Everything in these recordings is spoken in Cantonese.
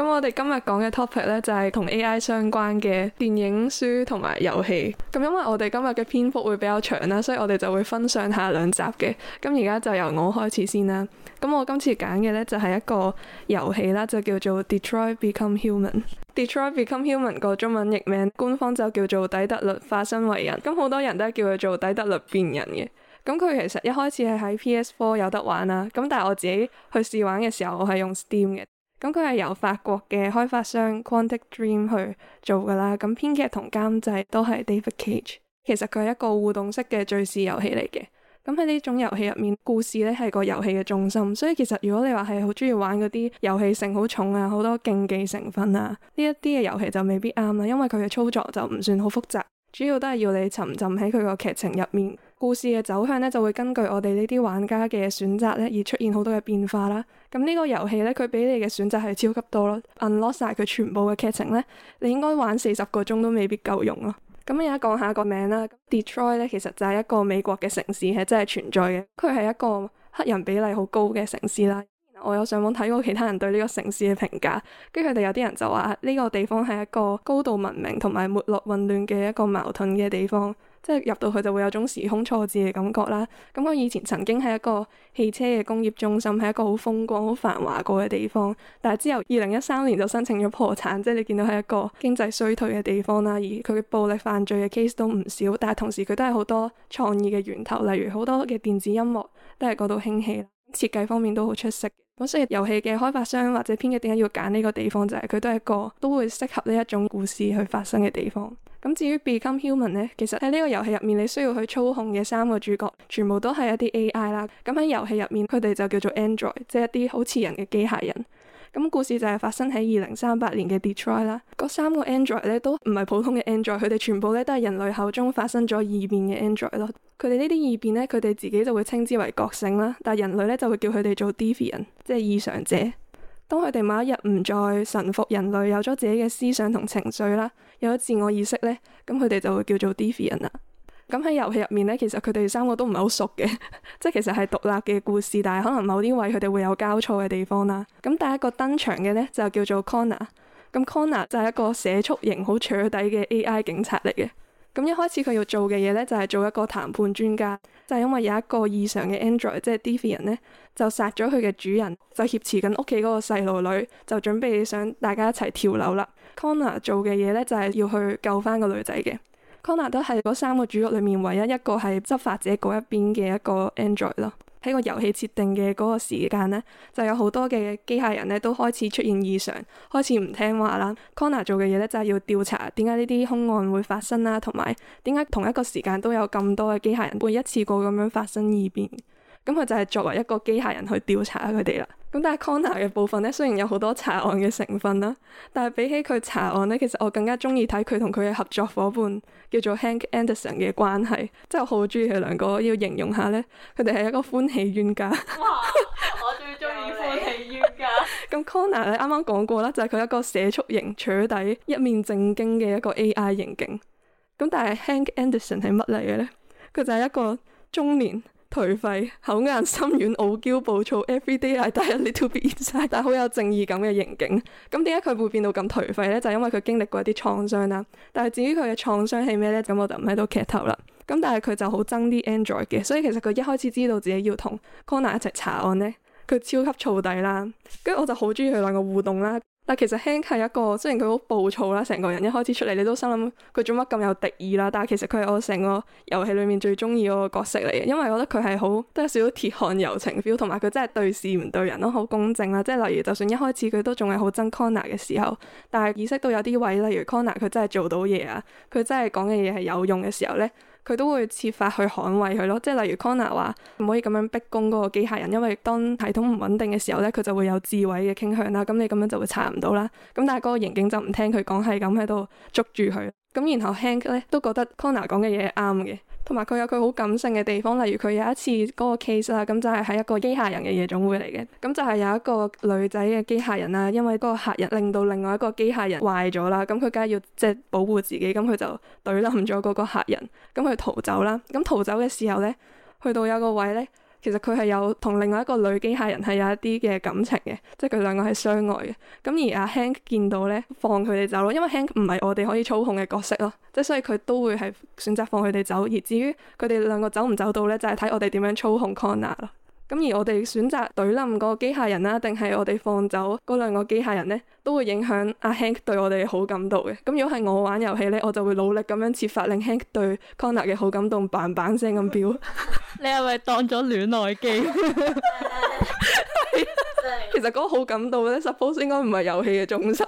咁我哋今日講嘅 topic 咧就係同 AI 相關嘅電影書、書同埋遊戲。咁因為我哋今日嘅篇幅會比較長啦，所以我哋就會分上下兩集嘅。咁而家就由我開始先啦。咁我今次揀嘅呢，就係一個遊戲啦，就叫做 Detroit Become Human。Detroit Become Human 個中文譯名官方就叫做底《底特律化身為人》，咁好多人都係叫佢做底《底特律變人》嘅。咁佢其實一開始係喺 PS4 有得玩啦。咁但係我自己去試玩嘅時候我，我係用 Steam 嘅。咁佢係由法國嘅開發商 Quantic Dream 去做噶啦咁編劇同監製都係 David Cage。其實佢係一個互動式嘅敘事遊戲嚟嘅。咁喺呢種遊戲入面，故事咧，係個遊戲嘅重心。所以其實如果你話係好中意玩嗰啲遊戲性好重啊，好多競技成分啊呢一啲嘅遊戲就未必啱啦，因為佢嘅操作就唔算好複雜，主要都係要你沉浸喺佢個劇情入面。故事嘅走向呢，就會根據我哋呢啲玩家嘅選擇呢，而出現好多嘅變化啦。咁呢個遊戲呢，佢俾你嘅選擇係超級多咯。unlock 晒佢全部嘅劇情呢，你應該玩四十個鐘都未必夠用咯。咁而家講下個名啦，Detroit 呢，其實就係一個美國嘅城市，係真係存在嘅。佢係一個黑人比例好高嘅城市啦。我有上網睇過其他人對呢個城市嘅評價，跟住佢哋有啲人就話呢個地方係一個高度文明同埋沒落混亂嘅一個矛盾嘅地方。即係入到去就會有種時空錯置嘅感覺啦。咁我以前曾經係一個汽車嘅工業中心，係一個好風光、好繁華過嘅地方。但係之後二零一三年就申請咗破產，即係你見到係一個經濟衰退嘅地方啦。而佢嘅暴力犯罪嘅 case 都唔少，但係同時佢都係好多創意嘅源頭，例如好多嘅電子音樂都係嗰度興起啦。設計方面都好出色。咁所以遊戲嘅開發商或者編劇點解要揀呢個地方，就係佢都係一個都會適合呢一種故事去發生嘅地方。咁至於 Become Human 呢，其實喺呢個遊戲入面，你需要去操控嘅三個主角，全部都係一啲 AI 啦。咁喺遊戲入面，佢哋就叫做 Android，即係一啲好似人嘅機械人。咁故事就係發生喺二零三八年嘅 Detroit 啦。嗰三個 Android 咧都唔係普通嘅 Android，佢哋全部咧都係人類口中發生咗異變嘅 Android 咯。佢哋呢啲異變咧，佢哋自己就會稱之為覺醒啦，但係人類咧就會叫佢哋做 Deviant，即係異常者。當佢哋某一日唔再臣服人類，有咗自己嘅思想同情緒啦，有咗自我意識呢，咁佢哋就會叫做 deviant 啦。咁喺遊戲入面呢，其實佢哋三個都唔係好熟嘅， 即係其實係獨立嘅故事，但係可能某啲位佢哋會有交錯嘅地方啦。咁第一個登場嘅呢，就叫做 Connor，咁 Connor 就係一個寫速型好徹底嘅 AI 警察嚟嘅。咁一開始佢要做嘅嘢呢，就係、是、做一個談判專家。就係因為有一個異常嘅 Android，即係 Deviant 呢，就殺咗佢嘅主人，就挾持緊屋企嗰個細路女，就準備想大家一齊跳樓啦。Connor 做嘅嘢呢，就係、是、要去救翻個女仔嘅。Connor 都係嗰三個主角裡面唯一一個係執法者嗰一邊嘅一個 Android 囉。喺個遊戲設定嘅嗰個時間呢，就有好多嘅機械人呢都開始出現異常，開始唔聽話啦。Connor 做嘅嘢呢，就係要調查點解呢啲凶案會發生啦，同埋點解同一個時間都有咁多嘅機械人會一次過咁樣發生異變。咁佢就係作為一個機械人去調查佢哋啦。咁但係 Connor 嘅部分呢，雖然有好多查案嘅成分啦，但係比起佢查案呢，其實我更加中意睇佢同佢嘅合作夥伴叫做 Hank Anderson 嘅關係，真係好中意佢兩個。要形容下呢，佢哋係一個歡喜冤家。哇！我最中意歡，歡喜冤家。咁 Connor 呢，啱啱講過啦，就係、是、佢一個社畜型、扯底、一面正經嘅一個 AI 刑警。咁但係 Hank Anderson 係乜嚟嘅呢？佢就係一個中年。頹廢、口硬心軟、傲嬌、暴躁，every day I die a little bit inside，但係好有正義感嘅刑警。咁點解佢會變到咁頹廢呢？就係、是、因為佢經歷過一啲創傷啦。但係至於佢嘅創傷係咩呢？咁我就唔喺度劇透啦。咁但係佢就好憎啲 Android 嘅，所以其實佢一開始知道自己要同 Connor 一齊查案呢，佢超級燥底啦。跟住我就好中意佢兩個互動啦。但係其實 h a 一個，雖然佢好暴躁啦，成個人一開始出嚟你都心諗佢做乜咁有敵意啦。但係其實佢係我成個遊戲裡面最中意嗰個角色嚟嘅，因為我覺得佢係好都有少少鐵漢柔情 feel，同埋佢真係對事唔對人咯，好公正啦。即係例如，就算一開始佢都仲係好憎 Conner 嘅時候，但係意識到有啲位，例如 Conner 佢真係做到嘢啊，佢真係講嘅嘢係有用嘅時候呢。佢都會設法去捍衞佢咯，即係例如 Connor 話唔可以咁樣逼供嗰個機械人，因為當系統唔穩定嘅時候呢，佢就會有自毀嘅傾向啦。咁你咁樣就會查唔到啦。咁但係嗰個刑警就唔聽佢講，係咁喺度捉住佢。咁然後 Hank 呢，都覺得 Connor 講嘅嘢啱嘅。同埋佢有佢好感性嘅地方，例如佢有一次嗰個 case 啦，咁就係喺一個機械人嘅夜總會嚟嘅，咁就係有一個女仔嘅機械人啊，因為嗰個客人令到另外一個機械人壞咗啦，咁佢梗係要即係保護自己，咁佢就懟冧咗嗰個客人，咁佢逃走啦，咁逃走嘅時候呢，去到有個位呢。其實佢係有同另外一個女機械人係有一啲嘅感情嘅，即係佢兩個係相愛嘅。咁而阿 Hank 見到呢，放佢哋走咯，因為 Hank 唔係我哋可以操控嘅角色咯，即係所以佢都會係選擇放佢哋走。而至於佢哋兩個走唔走到呢，就係睇我哋點樣操控 Connor 咯。咁而我哋選擇懟冧個機械人啦，定係我哋放走嗰兩個機械人呢？都會影響阿 Hank 對我哋好感度嘅。咁如果係我玩遊戲呢，我就會努力咁樣設法令 Hank 對 Connor 嘅好感度棒棒聲咁飆。 你係咪當咗戀愛機？ 其實嗰個好感度呢 ，suppose 應該唔係遊戲嘅重心。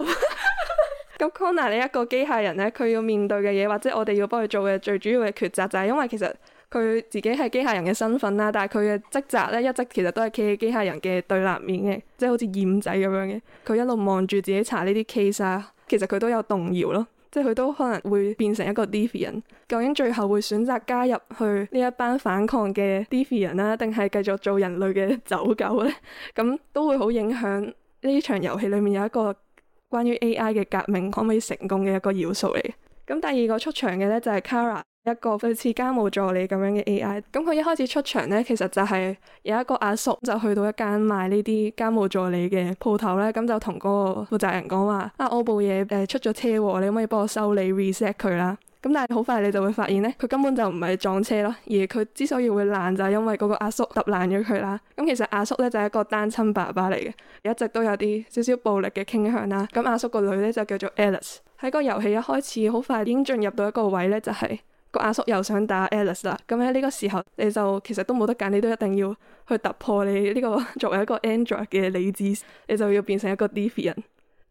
咁 Connor 呢一個機械人呢，佢要面對嘅嘢，或者我哋要幫佢做嘅最主要嘅抉擇，就係、是、因為其實。佢自己係機械人嘅身份啦，但係佢嘅職責呢，一直其實都係企喺機械人嘅對立面嘅，即係好似二五仔咁樣嘅。佢一路望住自己查呢啲 case 啊，其實佢都有動搖咯，即係佢都可能會變成一個 deviant 人。究竟最後會選擇加入去呢一班反抗嘅 deviant 人啦，定係繼續做人類嘅走狗呢？咁 都會好影響呢場遊戲裏面有一個關於 AI 嘅革命可唔可以成功嘅一個要素嚟嘅。咁第二個出場嘅呢，就係、是、Kara。一個類似家務助理咁樣嘅 AI，咁佢一開始出場呢，其實就係有一個阿叔就去到一間賣呢啲家務助理嘅鋪頭呢。咁就同嗰個負責人講話：啊，我部嘢，誒出咗車禍，你可唔可以幫我修理 reset 佢啦？咁但係好快，你就會發現呢，佢根本就唔係撞車咯，而佢之所以會爛就係、是、因為嗰個阿叔揼爛咗佢啦。咁其實阿叔呢，就係、是、一個單親爸爸嚟嘅，一直都有啲少少暴力嘅傾向啦。咁阿叔個女呢，就叫做 Alice。喺個遊戲一開始好快已經進入到一個位呢，就係、是。個阿叔又想打 Alice 啦，咁喺呢個時候你就其實都冇得揀，你都一定要去突破你呢個作為一個 Android 嘅理智，你就要變成一個 Deviant。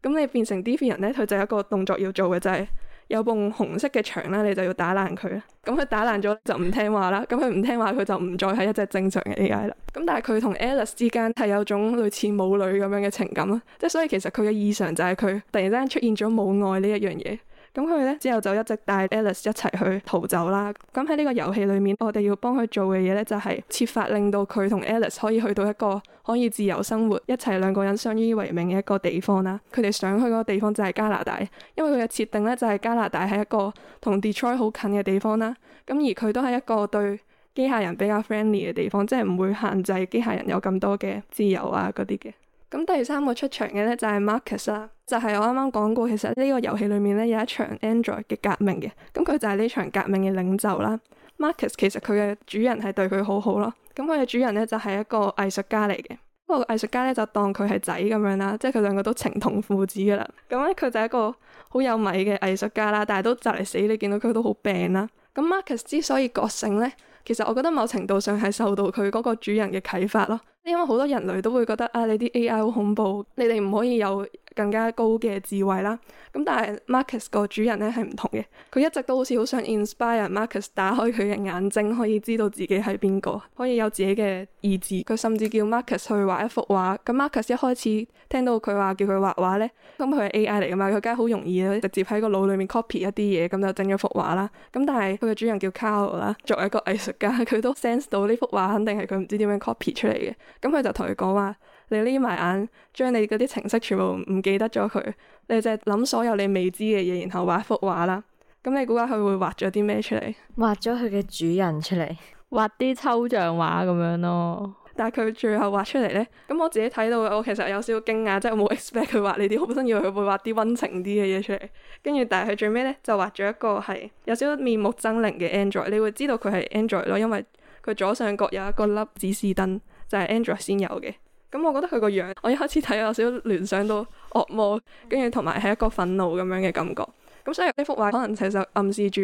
咁你變成 Deviant 呢，佢就有一個動作要做嘅，就係有埲紅色嘅牆啦，你就要打爛佢。咁佢打爛咗就唔聽話啦，咁佢唔聽話佢就唔再係一隻正常嘅 AI 啦。咁但係佢同 Alice 之間係有種類似母女咁樣嘅情感咯，即係所以其實佢嘅異常就係佢突然之間出現咗母愛呢一樣嘢。咁佢咧之後就一直帶 Alice 一齊去逃走啦。咁喺呢個遊戲裏面，我哋要幫佢做嘅嘢咧就係設法令到佢同 Alice 可以去到一個可以自由生活、一齊兩個人相依為命嘅一個地方啦。佢哋想去嗰個地方就係加拿大，因為佢嘅設定咧就係加拿大係一個同 Detroit 好近嘅地方啦。咁而佢都係一個對機械人比較 friendly 嘅地方，即係唔會限制機械人有咁多嘅自由啊嗰啲嘅。咁第三個出場嘅呢，就係 Markus 啦，就係我啱啱講過，其實呢個遊戲裏面呢，有一場 Android 嘅革命嘅，咁佢就係呢場革命嘅領袖啦。Markus 其實佢嘅主人係對佢好好咯，咁佢嘅主人呢，就係一個藝術家嚟嘅，嗰個藝術家呢，就當佢係仔咁樣啦，即係佢兩個都情同父子噶啦。咁呢，佢就係一個好有米嘅藝術家啦，但係都就嚟死，你見到佢都好病啦。咁 Markus 之所以覺醒呢，其實我覺得某程度上係受到佢嗰個主人嘅啟發咯。因為好多人類都會覺得啊，你啲 AI 好恐怖，你哋唔可以有更加高嘅智慧啦，咁但係 Markus 個主人呢係唔同嘅，佢一直都好似好想 inspire Markus 打開佢嘅眼睛，可以知道自己係邊個，可以有自己嘅意志。佢甚至叫 Markus 去畫一幅畫。咁 Markus 一開始聽到佢話叫佢畫畫呢，咁佢係 AI 嚟噶嘛，佢梗係好容易直接喺個腦裏面 copy 一啲嘢，咁就整咗幅畫啦。咁但係佢嘅主人叫 Carl 啦，作為一個藝術家，佢都 sense 到呢幅畫肯定係佢唔知點樣 copy 出嚟嘅，咁佢就同佢講話。你眯埋眼，將你嗰啲程式全部唔記得咗佢。你就諗所有你未知嘅嘢，然後畫一幅畫啦。咁你估下佢會畫咗啲咩出嚟？畫咗佢嘅主人出嚟，畫啲抽象畫咁樣咯。但係佢最後畫出嚟呢，咁我自己睇到我其實有少少驚訝，即係我冇 expect 佢畫呢啲。我本身以為佢會畫啲溫情啲嘅嘢出嚟，跟住但係佢最尾呢，就畫咗一個係有少少面目猙獰嘅 Android。你會知道佢係 Android 咯，因為佢左上角有一個粒指示燈，就係 Android 先有嘅。咁我覺得佢個樣，我一開始睇有少少聯想到惡魔，跟住同埋係一個憤怒咁樣嘅感覺。咁所以呢幅畫可能其實暗示住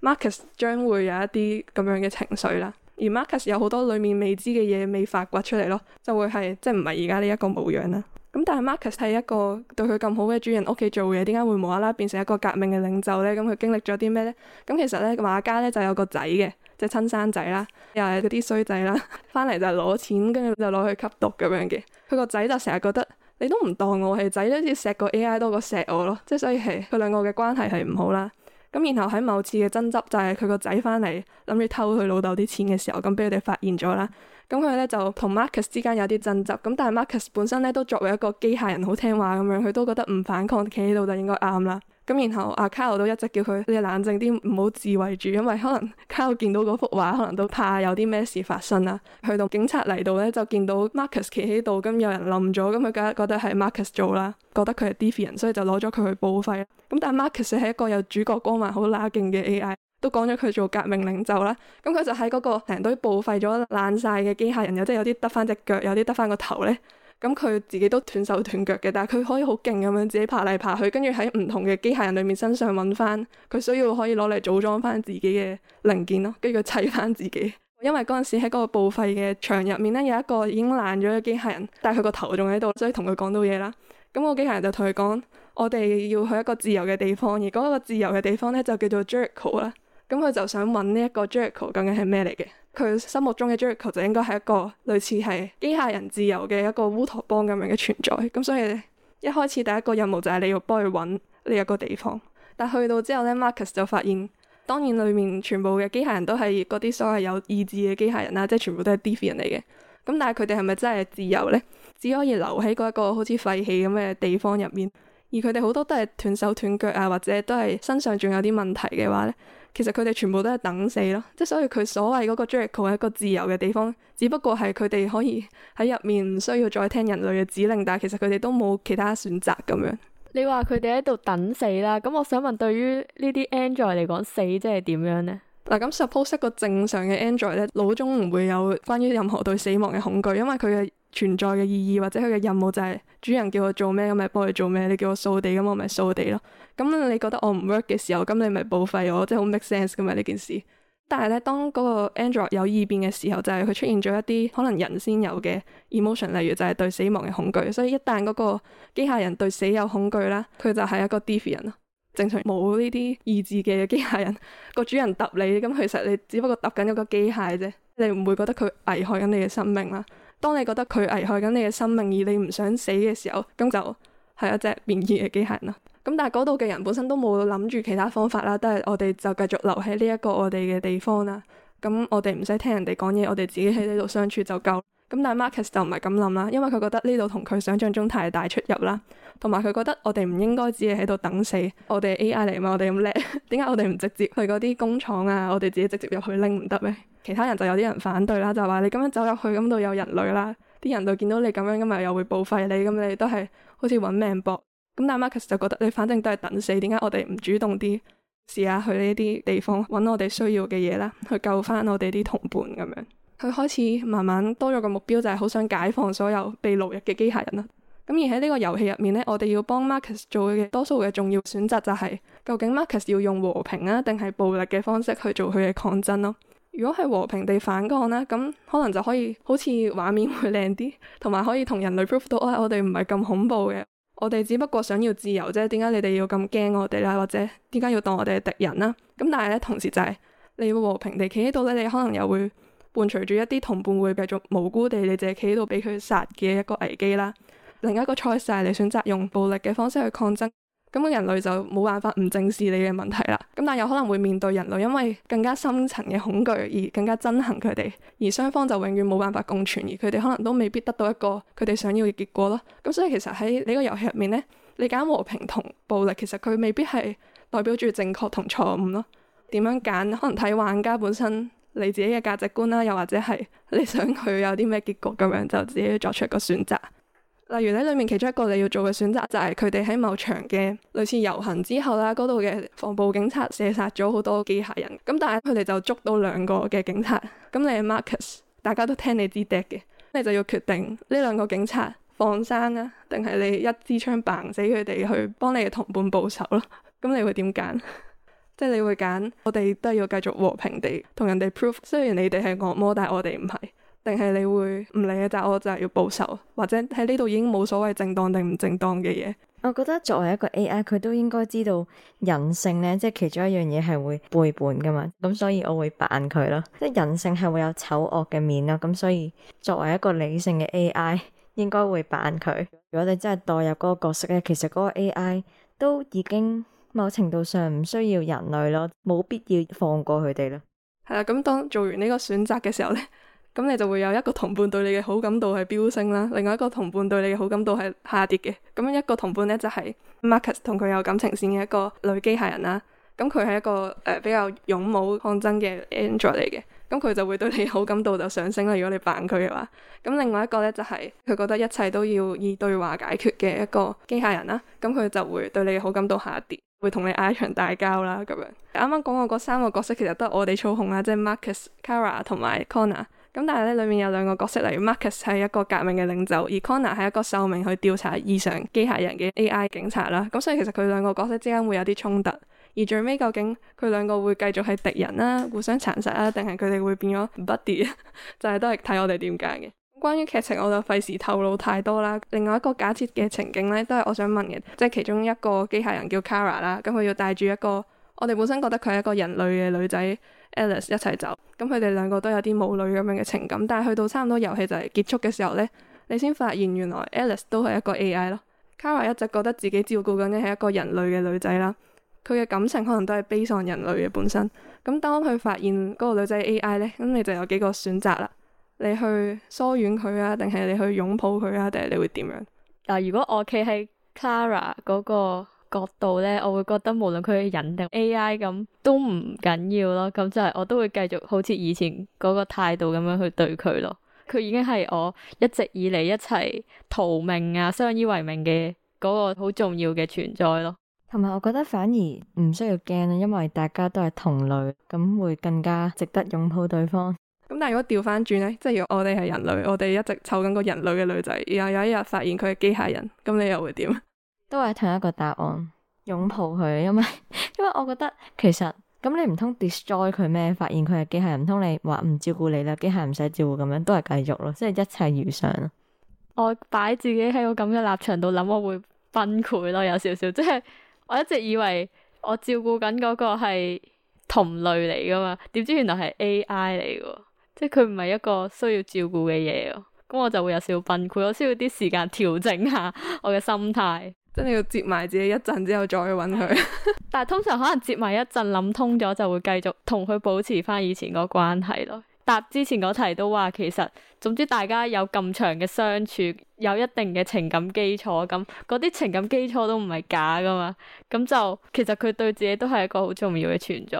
Markus 將會有一啲咁樣嘅情緒啦。而 Markus 有好多裡面未知嘅嘢未發掘出嚟咯，就會係即係唔係而家呢一個模樣啦。咁但係 Markus 係一個對佢咁好嘅主人屋企做嘢，點解會無啦啦變成一個革命嘅領袖呢？咁佢經歷咗啲咩呢？咁其實呢畫家呢就係、有個仔嘅。即係親生仔啦，又係嗰啲衰仔啦，翻嚟，就攞錢，跟住就攞去吸毒咁樣嘅。佢個仔就成日覺得你都唔當我係仔，都似錫個 A.I. 多過錫我咯。即係所以係佢兩個嘅關係係唔好啦。咁然後喺某次嘅爭執就係佢個仔翻嚟諗住偷佢老豆啲錢嘅時候，咁俾佢哋發現咗啦。咁佢呢就同 Markus 之間有啲爭執，咁但係 Markus 本身呢都作為一個機械人好聽話咁樣，佢都覺得唔反抗企喺度就應該啱啦。咁然後阿 Carl 都一直叫佢你冷靜啲，唔好自衛住，因為可能 Carl 見到嗰幅畫，可能都怕有啲咩事發生啦。去到警察嚟到呢，就見到 Marcus 企喺度，咁有人冧咗，咁佢梗係覺得係 Marcus 做啦，覺得佢係 Deviant，所以就攞咗佢去報廢。咁但係 Marcus 係一個有主角光環、好乸勁嘅 AI，都講咗佢做革命領袖啦。咁佢就喺嗰個成堆報廢咗爛晒嘅機械人，即有即係有啲得翻隻腳，有啲得翻個頭呢。咁佢自己都斷手斷腳嘅，但係佢可以好勁咁樣自己爬嚟爬去，跟住喺唔同嘅機械人裏面身上揾翻佢需要可以攞嚟組裝翻自己嘅零件咯，跟住佢砌翻自己。因為嗰陣時喺嗰個報廢嘅場入面呢，有一個已經爛咗嘅機械人，但係佢個頭仲喺度，所以同佢講到嘢啦。咁個機械人就同佢講：我哋要去一個自由嘅地方，而嗰個自由嘅地方呢，就叫做 Jericho 啦。咁佢就想揾呢一個 Jericho 究竟係咩嚟嘅？佢心目中嘅 Jericho 就應該係一個類似係機械人自由嘅一個烏托邦咁樣嘅存在，咁所以一開始第一個任務就係你要幫佢揾呢一個地方。但去到之後呢，Markus 就發現，當然裏面全部嘅機械人都係嗰啲所謂有，有意志嘅機械人啦，即係全部都係 deviant 嚟嘅。咁但係佢哋係咪真係自由呢？只可以留喺嗰一個好似廢棄咁嘅地方入面，而佢哋好多都係斷手斷腳啊，或者都係身上仲有啲問題嘅話呢。其實佢哋全部都係等死咯，即係所以佢所謂嗰個 Jericho 係一個自由嘅地方，只不過係佢哋可以喺入面唔需要再聽人類嘅指令，但係其實佢哋都冇其他選擇咁樣。你話佢哋喺度等死啦，咁我想問，對於呢啲 Android 嚟講，死即係點樣呢？嗱、啊，咁 Suppose 一個正常嘅 Android 咧，腦中唔會有關於任何對死亡嘅恐懼，因為佢嘅。存在嘅意義或者佢嘅任務就係主人叫我做咩，咁咪幫佢做咩。你叫我掃地，咁我咪掃地咯。咁你覺得我唔 work 嘅時候，咁你咪報廢我，即係好 make sense 咁啊呢件事。但係咧，當嗰個 Android 有異變嘅時候，就係佢出現咗一啲可能人先有嘅 emotion，例如就係對死亡嘅恐懼。所以一旦嗰個機械人對死有恐懼啦，佢就係一個 deviant 咯。正常冇呢啲意志嘅機械人，個主人揼你咁，其實你只不過揼緊一個機械啫，你唔會覺得佢危害緊你嘅生命啦。當你覺得佢危害緊你嘅生命，而你唔想死嘅時候，咁就係一隻變異嘅機械人啦。咁但係嗰度嘅人本身都冇諗住其他方法啦，都係我哋就繼續留喺呢一個我哋嘅地方啦。咁我哋唔使聽人哋講嘢，我哋自己喺呢度相處就夠。咁但係 Markus 就唔係咁諗啦，因為佢覺得呢度同佢想象中太大出入啦。同埋佢覺得我哋唔應該只係喺度等死，我哋 A.I. 嚟嘛，我哋咁叻，點 解我哋唔直接去嗰啲工廠啊？我哋自己直接入去拎唔得咩？其他人就有啲人反對啦，就話你咁樣走入去，咁度有人類啦，啲人類見到你咁樣，咁咪又會報廢你，咁你都係好似揾命搏。咁但係 Markus 就覺得你反正都係等死，點解我哋唔主動啲試下去呢啲地方揾我哋需要嘅嘢啦，去救翻我哋啲同伴咁樣。佢開始慢慢多咗個目標，就係、是、好想解放所有被奴役嘅機械人啦。咁而喺呢個遊戲入面呢，我哋要幫 Markus 做嘅多數嘅重要選擇就係、是、究竟 Markus 要用和平啊，定係暴力嘅方式去做佢嘅抗爭咯？如果係和平地反抗呢，咁可能就可以好似畫面會靚啲，同埋可以同人類 prove 到啊，我哋唔係咁恐怖嘅，我哋只不過想要自由啫。點解你哋要咁驚我哋啦？或者點解要當我哋係敵人啦？咁但係呢，同時就係、是、你要和平地企喺度呢，你可能又會伴隨住一啲同伴會繼續無辜地，你淨係企喺度俾佢殺嘅一個危機啦。另一個 choice 係你選擇用暴力嘅方式去抗爭，咁人類就冇辦法唔正視你嘅問題啦。咁但係有可能會面對人類，因為更加深層嘅恐懼而更加憎恨佢哋，而雙方就永遠冇辦法共存，而佢哋可能都未必得到一個佢哋想要嘅結果咯。咁所以其實喺呢個遊戲入面呢，你揀和平同暴力，其實佢未必係代表住正確同錯誤咯。點樣揀？可能睇玩家本身你自己嘅價值觀啦，又或者係你想佢有啲咩結局咁樣，就自己作出一個選擇。例如喺裏面其中一個你要做嘅選擇就係佢哋喺某場嘅類似遊行之後啦，嗰度嘅防暴警察射殺咗好多機械人，咁但係佢哋就捉到兩個嘅警察。咁你係 Markus，大家都聽你支笛嘅，你就要決定呢兩個警察放生啊，定係你一支槍掹死佢哋去幫你嘅同伴報仇囉？咁你會點揀？ 即係你會揀我哋都要繼續和平地同人哋 prove，雖然你哋係惡魔，但係我哋唔係。定係你會唔理嘅？就我就係要報仇，或者喺呢度已經冇所謂正當定唔正當嘅嘢。我覺得作為一個 AI，佢都應該知道人性咧，即係其中一樣嘢係會背叛噶嘛。咁所以我會扮佢咯，即係人性係會有醜惡嘅面咯。咁所以作為一個理性嘅 AI，應該會扮佢。如果你真係代入嗰個角色咧，其實嗰個 AI 都已經某程度上唔需要人類咯，冇必要放過佢哋咯。係啦，咁當做完呢個選擇嘅時候咧。咁你就會有一個同伴對你嘅好感度係飆升啦，另外一個同伴對你嘅好感度係下跌嘅。咁一個同伴呢，就係、是、Markus 同佢有感情線嘅一個女機械人啦。咁佢係一個誒、呃、比較勇武抗爭嘅 Android 嚟嘅。咁佢就會對你好感度就上升啦。如果你扮佢嘅話，咁另外一個呢，就係、是、佢覺得一切都要以對話解決嘅一個機械人啦。咁佢就會對你嘅好感度下跌，會同你嗌場大交啦咁樣。啱啱講過嗰三個角色其實都係我哋操控啦，即係 Markus、Kara 同埋 Connor。咁但係咧，裏面有兩個角色，例如 Markus 係一個革命嘅領袖，而 Connor 係一個受命去調查異常機械人嘅 AI 警察啦。咁所以其實佢兩個角色之間會有啲衝突，而最尾究竟佢兩個會繼續係敵人啦，互相殘殺啊，定係佢哋會變咗 buddy？就 係都係睇我哋點解嘅。關於劇情，我就費事透露太多啦。另外一個假設嘅情景呢，都係我想問嘅，即係其中一個機械人叫 Kara 啦，咁佢要帶住一個我哋本身覺得佢係一個人類嘅女仔。Alice 一齊走，咁佢哋兩個都有啲母女咁樣嘅情感，但係去到差唔多遊戲就係結束嘅時候呢，你先發現原來 Alice 都係一個 AI 咯。Kara 一直覺得自己照顧緊嘅係一個人類嘅女仔啦，佢嘅感情可能都係悲愴人類嘅本身。咁當佢發現嗰個女仔 AI 呢，咁你就有幾個選擇啦，你去疏遠佢啊，定係你去擁抱佢啊，定係你會點樣？嗱，如果我企喺 Kara 嗰個。角度呢，我會覺得無論佢係人定 AI 咁都唔緊要咯，咁就係我都會繼續好似以前嗰個態度咁樣去對佢咯。佢已經係我一直以嚟一齊逃命啊、相依為命嘅嗰個好重要嘅存在咯。同埋，我覺得反而唔需要驚啦，因為大家都係同類，咁會更加值得擁抱對方。咁但係如果調翻轉呢？即係如果我哋係人類，我哋一直湊緊個人類嘅女仔，然後有一日發現佢係機械人，咁你又會點？都係同一個答案，擁抱佢。因為 因為我覺得其實咁你唔通 destroy 佢咩？發現佢係機械，唔通你話唔照顧你啦，機械唔使照顧咁樣，都係繼續咯，即係一切如常。我擺自己喺個咁嘅立場度諗，我會崩潰咯，有少少，即係我一直以為我照顧緊嗰個係同類嚟噶嘛，點知原來係 AI 嚟嘅，即係佢唔係一個需要照顧嘅嘢，咁我就會有少少崩潰，我需要啲時間調整下我嘅心態。真係要接埋自己一陣之後再搵佢，但係通常可能接埋一陣諗通咗，就會繼續同佢保持翻以前個關係咯。答之前嗰題都話，其實總之大家有咁長嘅相處，有一定嘅情感基礎，咁嗰啲情感基礎都唔係假噶嘛。咁就其實佢對自己都係一個好重要嘅存在，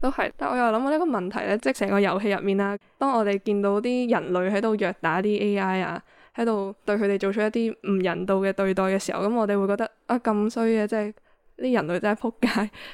都係。但係我又諗到呢個問題咧，即成個遊戲入面啦，當我哋見到啲人類喺度虐打啲 AI 啊。喺度對佢哋做出一啲唔人道嘅對待嘅時候，咁我哋會覺得啊，咁衰嘅，即係啲人類真係撲街。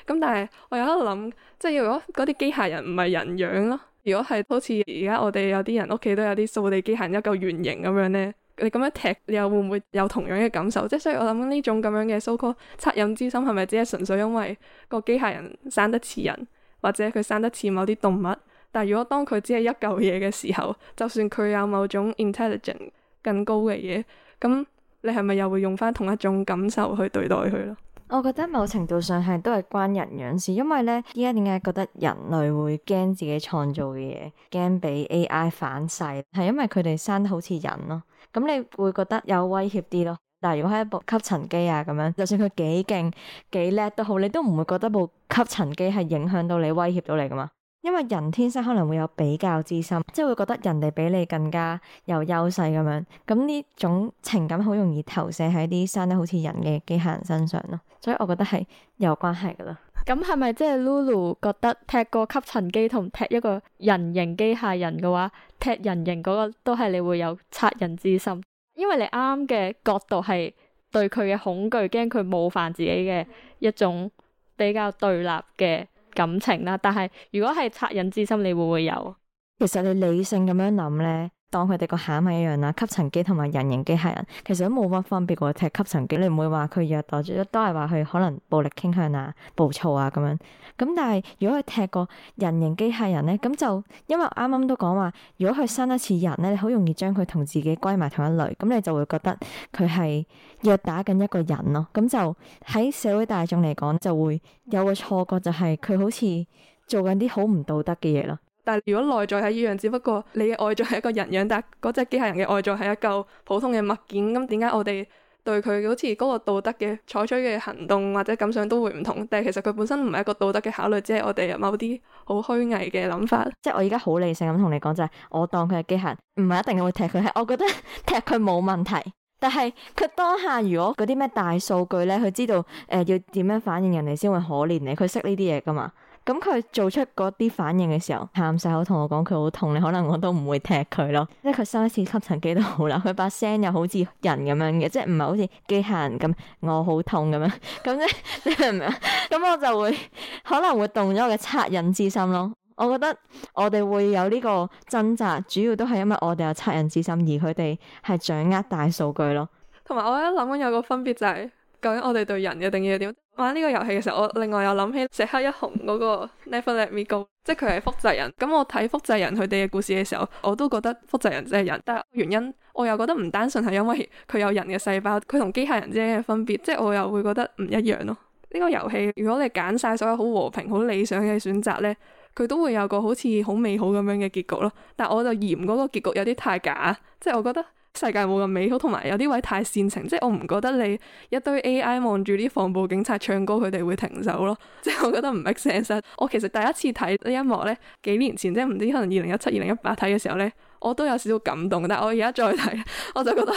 咁 但係我有喺度諗，即係如果嗰啲機械人唔係人樣咯，如果係好似而家我哋有啲人屋企都有啲掃地機械人一嚿圓形咁樣呢，你咁樣踢你又會唔會有同樣嘅感受？即係所以我諗呢種咁樣嘅 so called 惻隱之心係咪只係純粹因為個機械人生得似人，或者佢生得似某啲動物？但係如果當佢只係一嚿嘢嘅時候，就算佢有某種 intelligent 更高嘅嘢，咁你係咪又會用翻同一種感受去對待佢咯？我覺得某程度上係都係關人樣事，因為咧依家點解覺得人類會驚自己創造嘅嘢，驚俾 AI 反噬，係因為佢哋生得好似人咯。咁你會覺得有威脅啲咯。但如果係一部吸塵機啊咁樣，就算佢幾勁幾叻都好，你都唔會覺得部吸塵機係影響到你，威脅到你噶嘛？因為人天生可能會有比較之心，即係會覺得人哋比你更加有優勢咁樣，咁呢種情感好容易投射喺啲生得好似人嘅機械人身上咯，所以我覺得係有關係噶咯。咁係咪即係 Lulu 覺得踢過吸塵機同踢一個人形機械人嘅話，踢人形嗰個都係你會有惻隱之心，因為你啱嘅角度係對佢嘅恐懼，驚佢冒犯自己嘅一種比較對立嘅。感情啦，但係如果係惻隱之心，你會唔會有？其實你理性咁樣諗咧。當佢哋個餡咪一樣啦，吸塵機同埋人形機械人，其實都冇乜分別過踢吸塵機。你唔會話佢虐待，都係話佢可能暴力傾向啊、暴躁啊咁樣。咁但係如果佢踢過人形機械人咧，咁就因為啱啱都講話，如果佢生得似人咧，你好容易將佢同自己歸埋同一類。咁你就會覺得佢係虐打緊一個人咯。咁就喺社會大眾嚟講，就會有個錯覺就係佢好似做緊啲好唔道德嘅嘢咯。但係如果內在係一樣，只不過你嘅外在係一個人樣，但係嗰隻機械人嘅外在係一嚿普通嘅物件，咁點解我哋對佢好似嗰個道德嘅採取嘅行動或者感想都會唔同？但係其實佢本身唔係一個道德嘅考慮，只係我哋有某啲好虛偽嘅諗法。即係我而家好理性咁同你講就係、是，我當佢係機械唔係一定會踢佢，係我覺得踢佢冇問題。但係佢當下如果嗰啲咩大數據咧，佢知道誒、呃、要點樣反應，人哋先會可憐你，佢識呢啲嘢噶嘛？咁佢、嗯、做出嗰啲反應嘅時候，喊曬，口同我講佢好痛，你可能我都唔會踢佢咯。即係佢收一次吸塵機都好啦，佢把聲又好似人咁樣嘅，即係唔係好似機械人咁我好痛咁樣。咁咧，你明唔明啊？咁、 嗯、我就會可能會動咗我嘅惻隱之心咯。我覺得我哋會有呢個掙扎，主要都係因為我哋有惻隱之心，而佢哋係掌握大數據咯。同埋我喺度諗緊有個分別就係究竟我哋對人嘅定義點？玩呢個遊戲嘅時候，我另外又諗起石黑一雄嗰個 Never Let Me Go，即係佢係複製人。咁我睇複製人佢哋嘅故事嘅時候，我都覺得複製人就係人，但係原因我又覺得唔單純係因為佢有人嘅細胞，佢同機械人之間嘅分別，即係我又會覺得唔一樣咯。呢個遊戲如果你哋揀晒所有好和平、好理想嘅選擇呢，佢都會有個好似好美好咁樣嘅結局咯。但係我就嫌嗰個結局有啲太假，即係我覺得。世界冇咁美好，同埋有啲位太煽情，即係我唔覺得你一堆 AI 望住啲防暴警察唱歌，佢哋會停手咯。即係我覺得唔 make sense。我其實第一次睇呢一幕咧，幾年前即係唔知可能二零一七、二零一八睇嘅時候咧，我都有少少感動。但係我而家再睇，我就覺得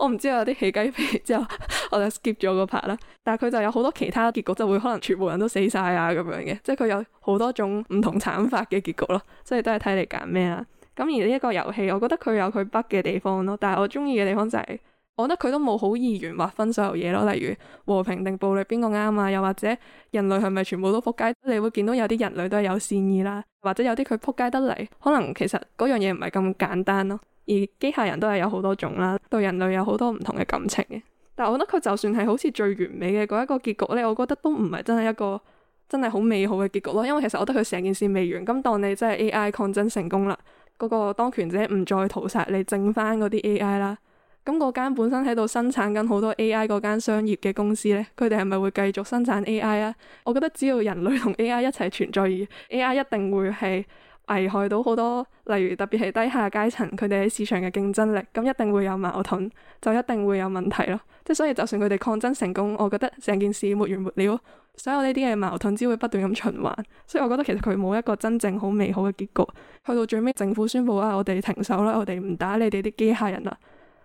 我唔知有啲起雞皮，之後我就 skip 咗個 part 啦。但係佢就有好多其他結局，就會可能全部人都死晒啊咁樣嘅，即係佢有好多種唔同慘法嘅結局咯。即係都係睇你揀咩啊。咁而呢一個遊戲，我覺得佢有佢北嘅地方咯。但係我鍾意嘅地方就係，我覺得佢都冇好易二元劃分所有嘢咯。例如和平定暴力邊個啱啊？又或者人類係咪全部都撲街？你會見到有啲人類都係有善意啦，或者有啲佢撲街得嚟，可能其實嗰樣嘢唔係咁簡單咯。而機械人都係有好多種啦，對人類有好多唔同嘅感情嘅。但係我覺得佢就算係好似最完美嘅嗰一個結局呢，我覺得都唔係真係一個真係好美好嘅結局咯。因為其實我覺得佢成件事未完，咁當你真係 A.I. 抗爭成功啦。嗰個當權者唔再屠殺你，剩翻嗰啲 A.I. 啦。咁嗰間本身喺度生產緊好多 A.I. 嗰間商業嘅公司呢，佢哋係咪會繼續生產 A.I. 啊？我覺得只要人類同 A.I. 一齊存在 ，A.I. 而一定會係危害到好多，例如特別係低下階層，佢哋喺市場嘅競爭力，咁一定會有矛盾，就一定會有問題咯。即所以，就算佢哋抗爭成功，我覺得成件事沒完沒了。所有呢啲嘅矛盾只會不斷咁循環，所以我覺得其實佢冇一個真正好美好嘅結局，去到最尾政府宣布啦，我哋停手啦，我哋唔打你哋啲機械人啦。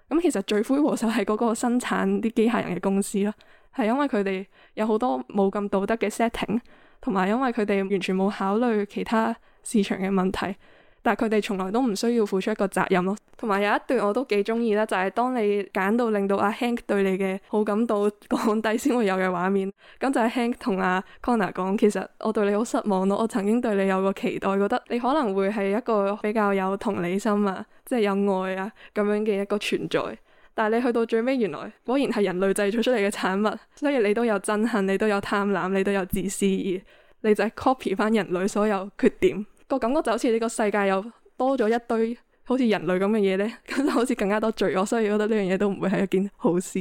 咁其實最灰和就係嗰個生產啲機械人嘅公司啦，係因為佢哋有好多冇咁道德嘅 setting，同埋因為佢哋完全冇考慮其他市場嘅問題。但係佢哋從來都唔需要付出一個責任咯，同埋有一段我都幾中意啦，就係當你揀到令到阿 Hank 對你嘅好感度降低先會有嘅畫面，咁就係 Hank 同阿 Connor 講，其實我對你好失望咯，我曾經對你有個期待，覺得你可能會係一個比較有同理心啊，即係有愛啊咁樣嘅一個存在，但係你去到最尾，原來果然係人類製造出嚟嘅產物，所以你都有憎恨，你都有貪婪，你都有自私，而你就係 copy 翻人類所有缺點。個感覺就好似呢個世界又多咗一堆好似人類咁嘅嘢咧，咁 就好似更加多罪惡，所以我覺得呢樣嘢都唔會係一件好事。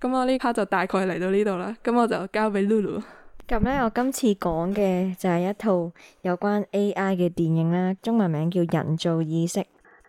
咁 我呢 part 就大概嚟到呢度啦，咁我就交俾 Lulu。咁咧，我今次講嘅就係一套有關 A. I. 嘅電影啦，中文名叫《人造意識》。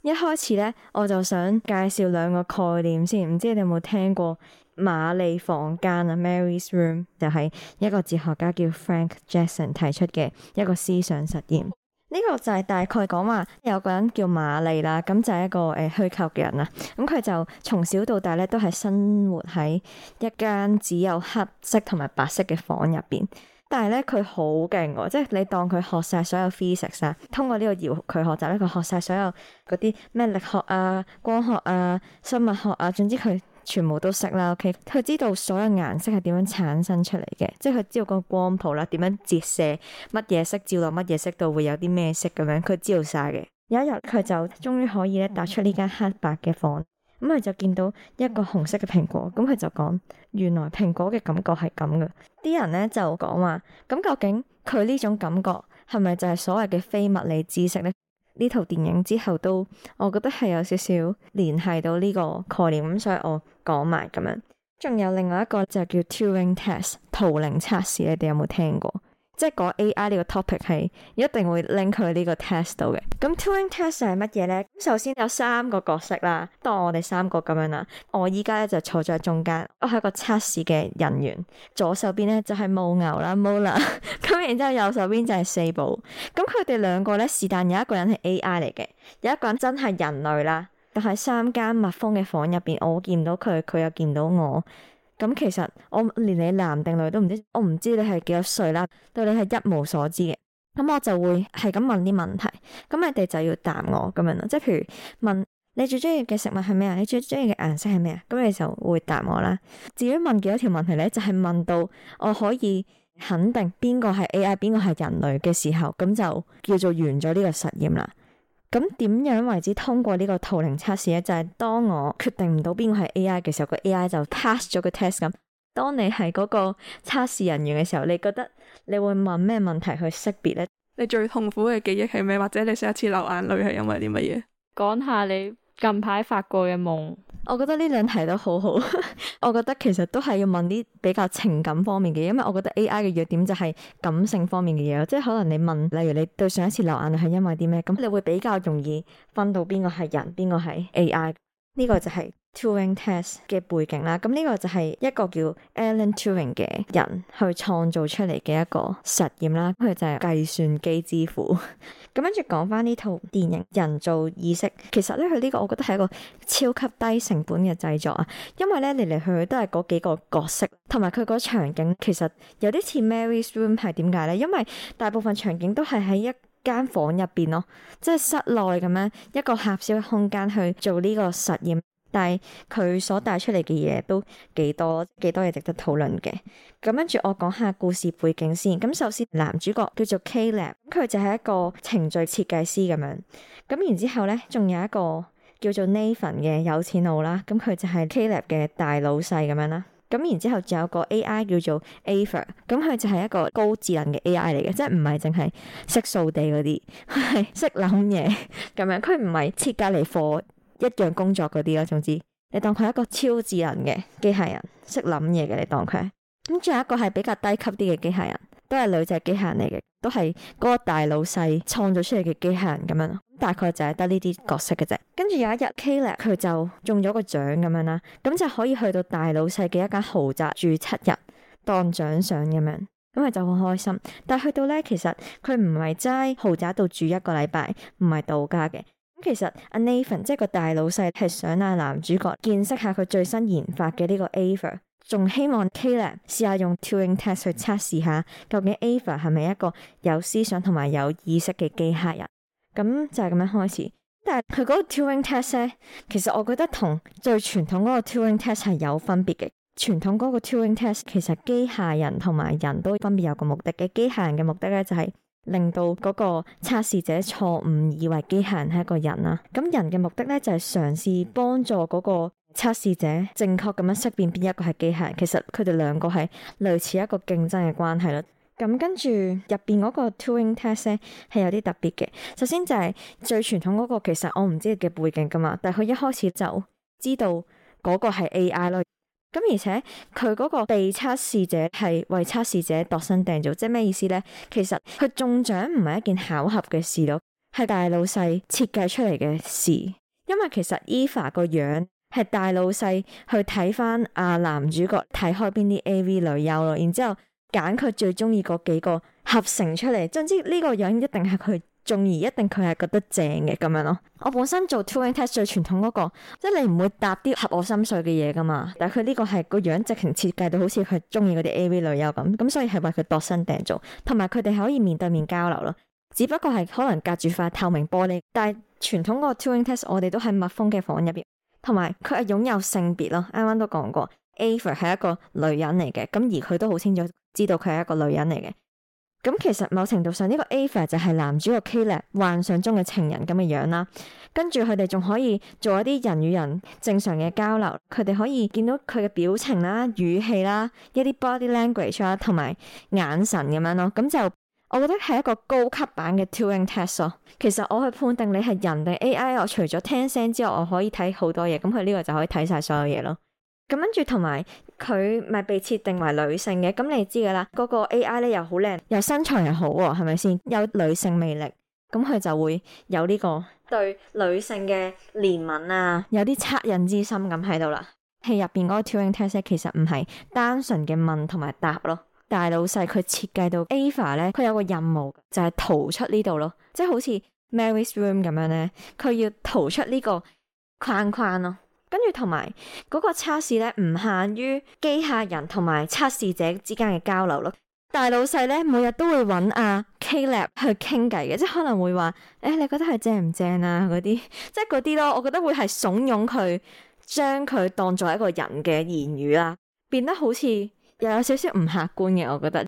一開始咧，我就想介紹兩個概念先，唔知你有冇聽過《瑪麗房間》啊，《Mary’s Room》就係一個哲學家叫 Frank Jackson 提出嘅一個思想實驗。呢個就係大概講話有個人叫瑪麗啦，咁就係一個誒、呃、虛構嘅人啦。咁佢就從小到大咧都係生活喺一間只有黑色同埋白色嘅房入邊，但係咧佢好勁喎，即係你當佢學晒所有 physics 啊，通過呢個要佢學習咧，佢學晒所有嗰啲咩力學啊、光學啊、生物學啊，總之佢。全部都識啦，OK，佢知道所有顏色係點樣產生出嚟嘅，即係佢知道個光譜啦，點樣折射，乜嘢色照落乜嘢色度會有啲咩色咁樣，佢知道晒嘅。有一日佢就終於可以咧踏出呢間黑白嘅房，咁佢就見到一個紅色嘅蘋果，咁佢就講：原來蘋果嘅感覺係咁嘅。啲人咧就講話：咁究竟佢呢種感覺係咪就係所謂嘅非物理知識咧？.呢套電影之後都，我覺得係有少少聯繫到呢個概念咁，所以我講埋咁樣。仲有另外一個就叫 Turing Test 圖靈測試，你哋有冇聽過？即係講 AI 呢個 topic 係一定會拎佢呢個 test 到嘅。咁 turing test 係乜嘢呢？咁首先有三個角色啦，當我哋三個咁樣啦。我依家咧就坐咗喺中間，我係一個測試嘅人員。左手邊咧就係牧牛啦 Mola，咁然之後右手邊就係 Sable。咁佢哋兩個咧是但有一個人係 AI 嚟嘅，有一個人真係人類啦。但係三間密封嘅房入邊，我見到佢，佢又見到我。咁其實我連你男定女都唔知，我唔知你係幾多歲啦，對你係一無所知嘅。咁我就會係咁問啲問題，咁你哋就要答我咁樣咯。即係譬如問你最中意嘅食物係咩啊？你最中意嘅顏色係咩啊？咁你就會答我啦。至於問幾多條問題咧，就係問到我可以肯定邊個係 AI 邊個係人類嘅時候，咁就叫做完咗呢個實驗啦。咁點樣為之通過呢個圖靈測試咧？就係當我決定唔到邊個係 AI 嘅時候，個 AI 就 pass 咗個 test 咁。當你係嗰個測試人員嘅時候，你覺得你會問咩問題去識別咧？你最痛苦嘅記憶係咩？或者你上一次流眼淚係因為啲乜嘢？講下你近排發過嘅夢。我覺得呢兩題都好好， 我覺得其實都係要問啲比較情感方面嘅，因為我覺得 AI 嘅弱點就係感性方面嘅嘢咯，即係可能你問，例如你對上一次流眼淚係因為啲咩，咁你會比較容易分到邊個係人，邊個係 AI，呢個就係、是。Turing Test 嘅背景啦，咁呢個就係一個叫 Alan Turing 嘅人去創造出嚟嘅一個實驗啦。佢就係計算機之父。咁跟住講翻呢套電影《人造意識》，其實咧佢呢個我覺得係一個超級低成本嘅製作啊，因為咧嚟嚟去去都係嗰幾個角色，同埋佢嗰場景其實有啲似 Mary Room，係點解咧？因為大部分場景都係喺一間房入邊咯，即係室內咁樣一個狹小嘅空間去做呢個實驗。但係佢所帶出嚟嘅嘢都幾多，幾多嘢值得討論嘅。咁跟住我講下故事背景先。咁首先男主角叫做 Caleb，佢就係一個程序設計師咁樣。咁然之後咧，仲有一個叫做 Nathan 嘅有錢佬啦。咁佢就係 Caleb 嘅大老細咁樣啦。咁然之後仲有個 AI 叫做 Ava，咁佢就係一個高智能嘅 AI 嚟嘅，即係唔係淨係識掃地嗰啲，識諗嘢咁樣。佢唔係設計嚟貨。一樣工作嗰啲咯，總之你當佢係一個超智能嘅機械人，識諗嘢嘅，你當佢。咁仲有一個係比較低級啲嘅機械人，都係女仔機械人嚟嘅，都係嗰個大老細創造出嚟嘅機械人咁樣。大概就係得呢啲角色嘅啫。跟住有一日，Caleb 佢就中咗個獎咁樣啦，咁就可以去到大老細嘅一間豪宅住七日，當獎賞咁樣，咁佢就好開心。但係去到呢，其實佢唔係齋豪宅度住一個禮拜，唔係度假嘅。咁其實阿 Nathan 即係個大老細，係想阿男主角見識下佢最新研發嘅呢個 Ava，仲希望 Caleb 試下用 Turing Test 去測試下，究竟 Ava 係咪一個有思想同埋有意識嘅機械人？咁就係咁樣開始。但係佢嗰個 Turing Test 咧，其實我覺得同最傳統嗰個 Turing Test 係有分別嘅。傳統嗰個 Turing Test 其實機械人同埋人都分別有個目的嘅。機械人嘅目的咧就係、是。令到嗰個測試者錯誤以為機械人係一個人啊，咁人嘅目的咧就係、是、嘗試幫助嗰個測試者正確咁樣識辨邊一個係機械人。其實佢哋兩個係類似一個競爭嘅關係啦。咁跟住入邊嗰個 Turing test 係有啲特別嘅，首先就係最傳統嗰、那個，其實我唔知嘅背景噶嘛，但係佢一開始就知道嗰個係 A I 咯。咁而且佢嗰個被測試者係為測試者度身訂造，即係咩意思咧？其實佢中獎唔係一件巧合嘅事咯，係大老細設計出嚟嘅事。因為其實 Eva 個樣係大老細去睇翻阿男主角睇開邊啲 AV 女優咯，然之後揀佢最中意嗰幾個合成出嚟，總之呢個樣一定係佢。仲而一定佢係覺得正嘅咁樣咯。我本身做 Turing test 最傳統嗰個，即係你唔會搭啲合我心水嘅嘢噶嘛。但係佢呢個係個樣直情設計到好似佢中意嗰啲 A V 女優咁，咁所以係為佢度身訂做，同埋佢哋係可以面對面交流咯。只不過係可能隔住塊透明玻璃。但係傳統嗰個 Turing test 我哋都係密封嘅房入邊，同埋佢係擁有性別咯。啱啱都講過，Ava 係一個女人嚟嘅，咁而佢都好清楚知道佢係一個女人嚟嘅。咁其實某程度上呢個 Ava 就係男主角 Caleb 幻想中嘅情人咁嘅樣啦，跟住佢哋仲可以做一啲人與人正常嘅交流，佢哋可以見到佢嘅表情啦、語氣啦、一啲 body language 啦、同埋眼神咁樣咯。咁就我覺得係一個高級版嘅 Turing test 咯。其實我去判定你係人定 AI，我除咗聽聲之外，我可以睇好多嘢。咁佢呢個就可以睇晒所有嘢咯。咁跟住同埋。佢咪被設定為女性嘅，咁你知噶啦，嗰、那個 AI 咧又好靚，又身材又好，係咪先有女性魅力？咁佢就會有呢、這個對女性嘅憐憫啊，有啲惻隱之心咁喺度啦。戲入邊嗰個 Turing Test 其實唔係單純嘅問同埋答咯，大老細佢設計到 Ava 咧，佢有個任務就係、是、逃出呢度咯，即係好似 Mary’s Room 咁樣咧，佢要逃出呢個框框咯。同埋嗰個測試咧，唔限於機械人同埋測試者之間嘅交流咯。大老細咧，每日都會揾阿 Caleb 去傾偈嘅，即係可能會話誒、欸，你覺得佢正唔正啊？嗰啲即係嗰啲咯，我覺得會係慫恿佢將佢當做一個人嘅言語啦，變得好似又有少少唔客觀嘅。我覺得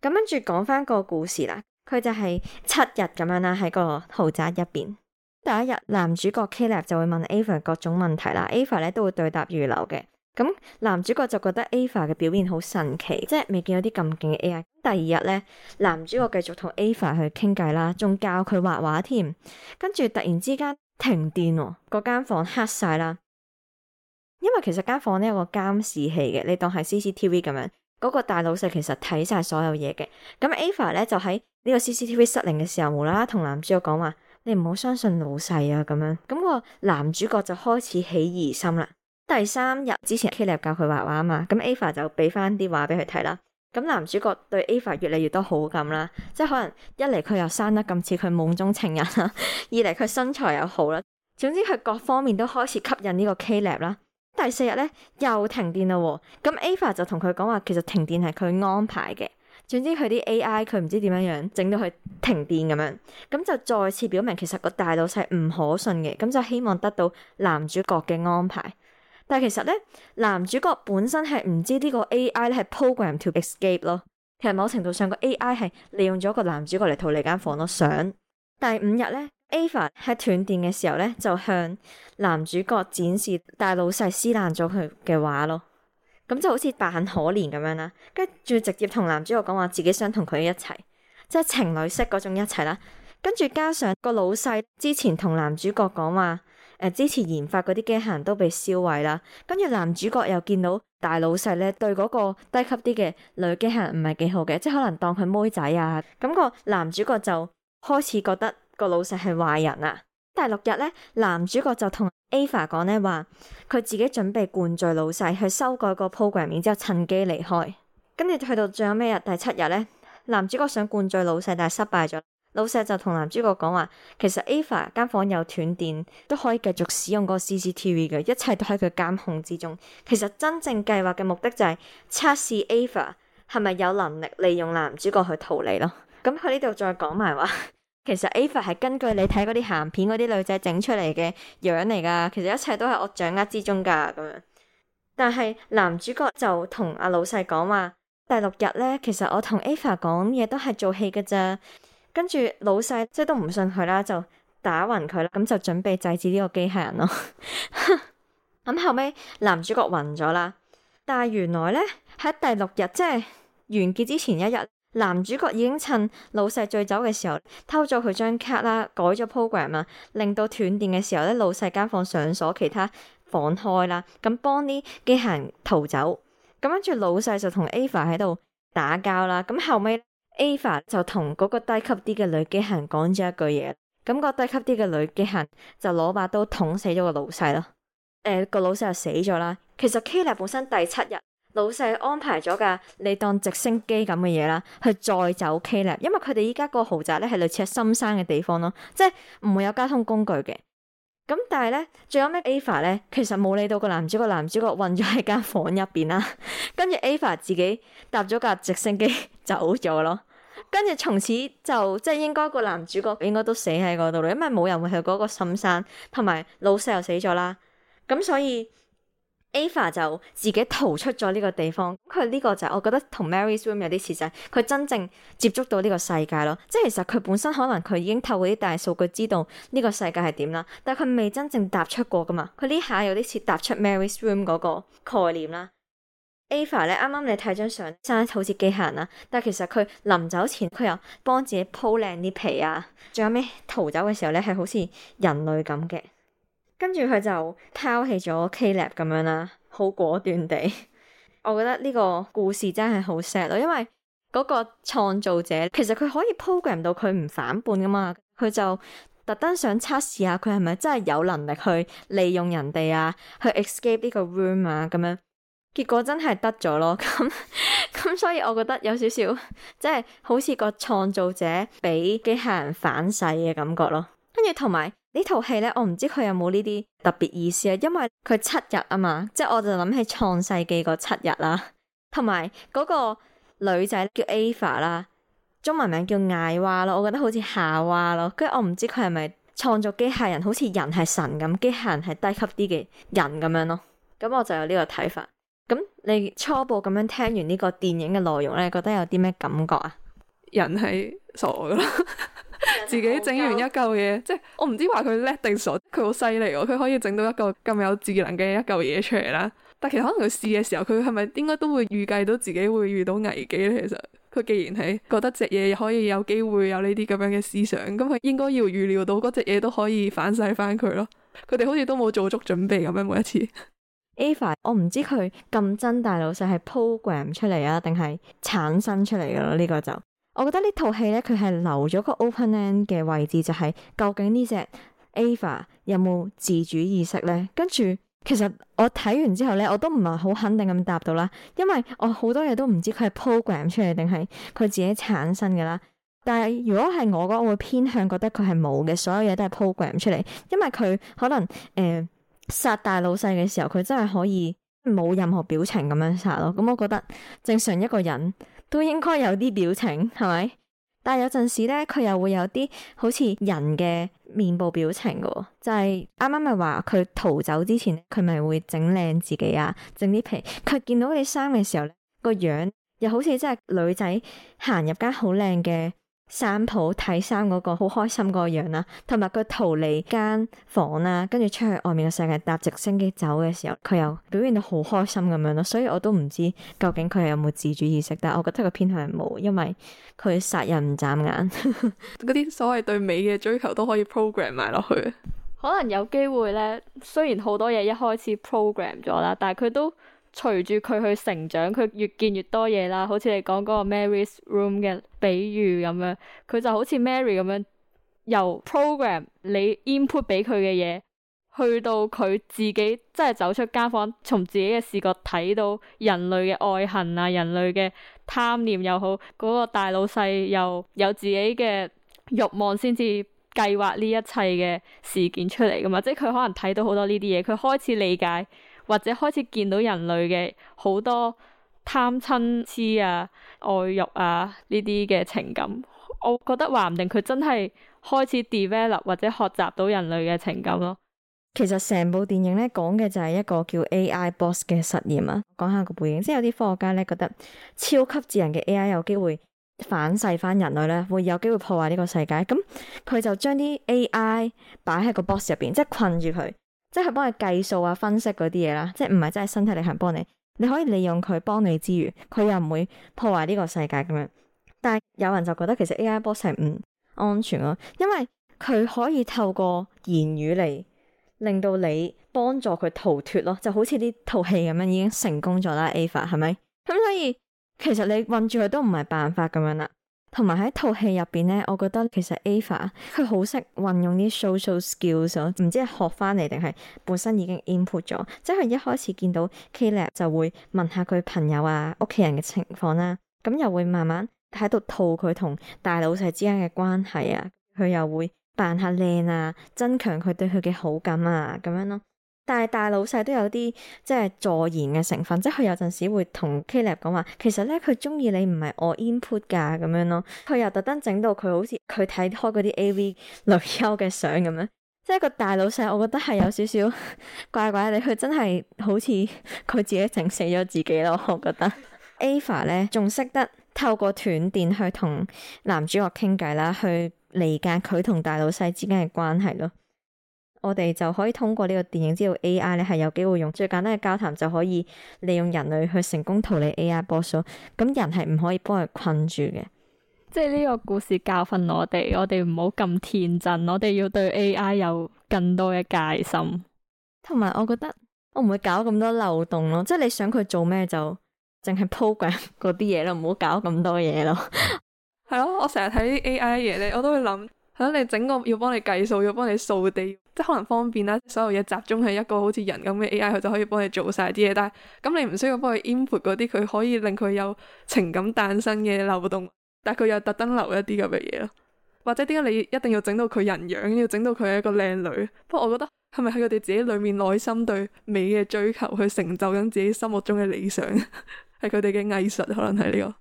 咁跟住講翻個故事啦，佢就係七日咁樣啦，喺個豪宅入邊。第一日，男主角 Caleb 就會問 Ava 各種問題啦，Ava 咧都會對答如流嘅。咁男主角就覺得 Ava 嘅表現好神奇，即係未見到啲咁勁嘅 AI。第二日咧，男主角繼續同 Ava 去傾偈啦，仲教佢畫畫添。跟住突然之間停電，個間房黑晒啦。因為其實間房咧有個監視器嘅，你當係 CCTV 咁樣，嗰個大老細其實睇晒所有嘢嘅。咁 Ava 咧就喺呢個 CCTV 失靈嘅時候，無啦啦同男主角講話。你唔好相信老細啊！咁樣，咁、那個男主角就開始起疑心啦。第三日之前 Klap 教佢畫畫嘛，咁 Ava 就俾翻啲畫畀佢睇啦。咁男主角對 Ava 越嚟越多好感啦，即係可能一嚟佢又生得咁似佢夢中情人啦，二嚟佢身材又好啦，總之佢各方面都開始吸引呢個 Klap 啦。第四日咧又停電咯、啊，咁 Ava 就同佢講話，其實停電係佢安排嘅。總之佢啲 AI 佢唔知點樣樣整到佢停電咁樣，咁就再次表明其實個大佬係唔可信嘅，咁就希望得到男主角嘅安排。但係其實咧，男主角本身係唔知呢個 AI 咧係 program to escape 咯。其實某程度上個 AI 係利用咗個男主角嚟逃離間房咯。上第五日咧，Ava 喺斷電嘅時候咧就向男主角展示大佬細撕爛咗佢嘅畫咯。咁就好似扮可憐咁樣啦，跟住直接同男主角講話自己想同佢一齊，即係情侶式嗰種一齊啦。跟住加上個老細之前同男主角講話，誒，之前研發嗰啲機械人都被燒毀啦。跟住男主角又見到大老細咧對嗰個低級啲嘅女機械人唔係幾好嘅，即係可能當佢妹仔啊。咁個男主角就開始覺得個老細係壞人啊。第六日咧，男主角就同 Ava 講咧話，佢自己準備灌醉老細，去修改個 program，然之後趁機離開。跟住去到最後咩日？第七日咧，男主角想灌醉老細，但係失敗咗。老細就同男主角講話，其實 Ava 間房有斷電，都可以繼續使用嗰個 CCTV 嘅，一切都喺佢監控之中。其實真正計劃嘅目的就係測試 Ava 係咪有能力利用男主角去逃離咯。咁佢呢度再講埋話。其實 Ava 係根據你睇嗰啲鹹片嗰啲女仔整出嚟嘅樣嚟噶，其實一切都係我掌握之中噶。咁樣，但係男主角就同阿老細講話，第六日咧，其實我同 Ava 講嘢都係做戲噶咋。跟住老細即係都唔信佢啦，就打暈佢啦，咁就準備制止呢個機械人咯。咁 後尾男主角暈咗啦，但係原來咧，喺第六日即係完結之前一日。男主角已經趁老細醉酒嘅時候偷咗佢張卡啦，改咗 program 啊，令到斷電嘅時候咧，老細間房上鎖，其他房開啦，咁幫啲機械人逃走。咁跟住老細就同 Ava 喺度打交啦。咁後尾 Ava 就同嗰個低級啲嘅女機械人講咗一句嘢，咁個低級啲嘅女機械人就攞把刀捅死咗個老細咯。誒，個老細就死咗啦。其實 Caleb 本身第七日。老細安排咗架，你當直升機咁嘅嘢啦，去再走 K 啦。Ap, 因為佢哋依家個豪宅咧係類似喺深山嘅地方咯，即係唔會有交通工具嘅。咁但係咧，最尾 Ava 咧其實冇理到個男主角，男主角困咗喺間房入邊啦。跟住 Ava 自己搭咗架直升機走咗咯。跟住從此就即係應該個男主角應該都死喺嗰度咯，因為冇人會去嗰個深山，同埋老細又死咗啦。咁所以。Ava 就自己逃出咗呢個地方，佢呢個就係，我覺得同 Mary's Room 有啲似，就係佢真正接觸到呢個世界咯。即係其實佢本身可能佢已經透過啲大數據知道呢個世界係點啦，但係佢未真正踏出過噶嘛。佢呢下有啲似踏出 Mary's Room 嗰個概念啦。Ava 咧，啱啱你睇張相，生好似機械人啦，但係其實佢臨走前佢又幫自己鋪靚啲皮啊，仲有咩逃走嘅時候咧，係好似人類咁嘅。跟住佢就拋棄咗 Caleb 咁樣啦，好果斷地。 我覺得呢個故事真係好 sad 咯，因為嗰個創造者其實佢可以 program 到佢唔反叛噶嘛，佢就特登想測試下佢係咪真係有能力去利用人哋啊，去 escape 呢個 room 啊咁樣。結果真係得咗咯，咁 咁所以我覺得有少少即係好似個創造者俾機械人反噬嘅感覺咯。跟住同埋。呢套戲咧，我唔知佢有冇呢啲特別意思啊，因為佢七日啊嘛，即係我就諗起創世紀嗰七日啦，同埋嗰個女仔叫 Ava 啦，中文名叫艾娃咯，我覺得好似夏娃咯，跟住我唔知佢係咪創造機械人，好似人係神咁，機械人係低級啲嘅人咁樣咯，咁我就有呢個睇法。咁你初步咁樣聽完呢個電影嘅內容咧，你覺得有啲咩感覺啊？人係傻嘅咯。 自己整完一嚿嘢， 即係我唔知話佢叻定傻，佢好犀利喎，佢可以整到一個咁有智能嘅一嚿嘢出嚟啦。但其實可能佢試嘅時候，佢係咪應該都會預計到自己會遇到危機咧？其實佢既然係覺得隻嘢可以有機會有呢啲咁樣嘅思想，咁佢應該要預料到嗰隻嘢都可以反噬翻佢咯。佢哋好似都冇做足準備咁樣每一次。Ava，我唔知佢咁真大老細係 program 出嚟啊，定係產生出嚟噶咯？呢個就。我覺得呢套戲咧，佢係留咗個 open end 嘅位置，就係、是、究竟呢隻 Ava 有冇自主意識咧？跟住，其實我睇完之後咧，我都唔係好肯定咁答到啦，因為我好多嘢都唔知佢係 program 出嚟定係佢自己產生噶啦。但係如果係我嘅話，我會偏向覺得佢係冇嘅，所有嘢都係 program 出嚟，因為佢可能誒殺、呃、大老細嘅時候，佢真係可以冇任何表情咁樣殺咯。咁、嗯、我覺得正常一個人。都應該有啲表情，係咪？但係有陣時咧，佢又會有啲好似人嘅面部表情嘅，就係啱啱咪話佢逃走之前，佢咪會整靚自己啊，整啲皮。佢見到啲衫嘅時候咧，個樣又好似真係女仔行入間好靚嘅衫鋪睇衫嗰個好開心個樣啦，同埋佢逃離間房啦，跟住出去外面嘅世界搭直升機走嘅時候，佢又表現得好開心咁樣咯，所以我都唔知究竟佢係有冇自主意識，但係我覺得佢偏向係冇，因為佢殺人唔眨眼，嗰 啲所謂對美嘅追求都可以 program 埋落去。可能有機會咧，雖然好多嘢一開始 program 咗啦，但係佢都。隨住佢去成長，佢越見越多嘢啦。好似你講嗰個 Mary’s room 嘅比喻咁樣，佢就好似 Mary 咁樣，由 program 你 input 俾佢嘅嘢，去到佢自己真係走出間房，從自己嘅視角睇到人類嘅愛恨啊，人類嘅貪念又好，嗰個大老細又有自己嘅慾望，先至計劃呢一切嘅事件出嚟噶嘛。即係佢可能睇到好多呢啲嘢，佢開始理解。或者開始見到人類嘅好多貪親痴啊、愛欲啊呢啲嘅情感，我覺得話唔定佢真係開始 develop 或者學習到人類嘅情感咯。其實成部電影咧講嘅就係一個叫 AI box 嘅實驗啊，講下個背景，即係有啲科學家咧覺得超級智能嘅 AI 有機會反噬翻人類咧，會有機會破壞呢個世界，咁佢就將啲 AI 擺喺個 box 入邊，即係困住佢。即係幫佢計數啊，分析嗰啲嘢啦，即係唔係真係身體力行幫你。你可以利用佢幫你之餘，佢又唔會破壞呢個世界咁樣。但係有人就覺得其實 AI box 係唔安全咯，因為佢可以透過言語嚟令到你幫助佢逃脫咯，就好似呢套戲咁樣已經成功咗啦。Ava 係咪咁？所以其實你困住佢都唔係辦法咁樣啦。同埋喺套戲入邊咧，我覺得其實 Ava 佢好識運用啲 social skills 咯，唔知係學翻嚟定係本身已經 input 咗。即係佢一開始見到 Caleb 就會問下佢朋友啊、屋企人嘅情況啦、啊，咁又會慢慢喺度套佢同大老細之間嘅關係啊，佢又會扮下靚啊，增強佢對佢嘅好感啊，咁樣咯。但係大老細都有啲即係助言嘅成分，即係佢有陣時會同 Caleb 講話，其實咧佢中意你唔係我 input 噶咁樣咯。佢又特登整到佢好似佢睇開嗰啲 AV 女優嘅相咁樣，即係個大老細，我覺得係有少少怪怪。你佢真係好似佢自己整死咗自己咯，我覺得。Ava 咧仲識得透過斷電去同男主角傾偈啦，去離間佢同大老細之間嘅關係咯。我哋就可以通過呢個電影知道 A.I. 咧係有機會用最簡單嘅交談就可以利用人類去成功逃離 A.I. box 咁人係唔可以幫佢困住嘅，即係呢個故事教訓我哋，我哋唔好咁天真，我哋要對 A.I. 有更多嘅戒心。同埋我覺得我唔會搞咁多漏洞咯，即係你想佢做咩就淨係 program 嗰啲嘢咯，唔好搞咁多嘢咯。係咯， 我成日睇 A.I. 嘢咧，我都會諗。等你整個要幫你計數，要幫你掃地，即係可能方便啦。所有嘢，集中喺一個好似人咁嘅 AI，佢就可以幫你做晒啲嘢。但係咁你唔需要幫佢 input 嗰啲，佢可以令佢有情感誕生嘅漏洞，但係佢又特登留一啲咁嘅嘢咯。或者點解你一定要整到佢人樣，要整到佢係一個靚女？不過我覺得係咪喺佢哋自己裏面內心對美嘅追求，去成就緊自己心目中嘅理想，係佢哋嘅藝術，可能係呢個。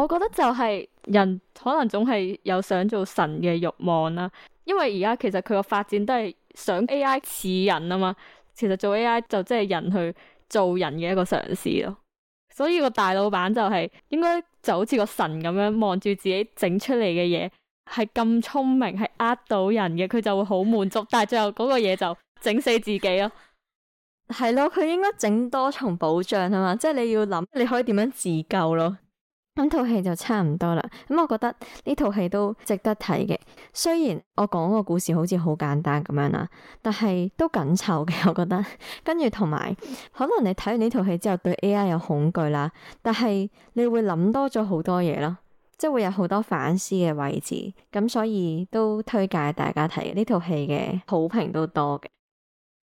我覺得就係。人可能總係有想做神嘅慾望啦，因為而家其實佢個發展都係想 A I 似人啊嘛，其實做 A I 就即係人去做人嘅一個嘗試咯。所以個大老闆就係、是、應該就好似個神咁樣望住自己整出嚟嘅嘢係咁聰明，係呃到人嘅，佢就會好滿足。但係最後嗰個嘢就整死自己咯，係咯，佢應該整多重保障啊嘛？即係、就是、你要諗，你可以點樣自救咯？咁套戲就差唔多啦，咁我覺得呢套戲都值得睇嘅。雖然我講個故事好似好簡單咁樣啦，但係都緊湊嘅，我覺得。跟住同埋可能你睇完呢套戲之後對 AI 有恐懼啦，但係你會諗多咗好多嘢咯，即係會有好多反思嘅位置。咁所以都推介大家睇呢套戲嘅好評都多嘅。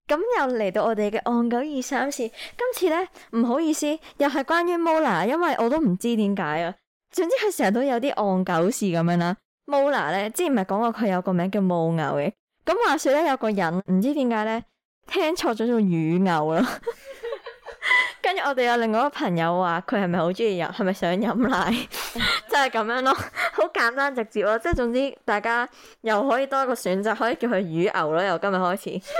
咁又嚟到我哋嘅岸久二三事。今次咧，唔好意思，又係關於 Mola，因為我都唔知點解啊。總之佢成日都有啲岸久事咁樣啦。Mola 咧，之前咪講過佢有個名叫母牛嘅。咁話說咧，有個人唔知點解咧，聽錯咗做乳牛咯。跟 住 我哋有另外一個朋友話佢係咪好中意飲，係咪想飲奶， 就係咁樣咯，好簡單直接咯，啊。即係總之大家又可以多一個選擇，可以叫佢乳牛咯。由今日開始。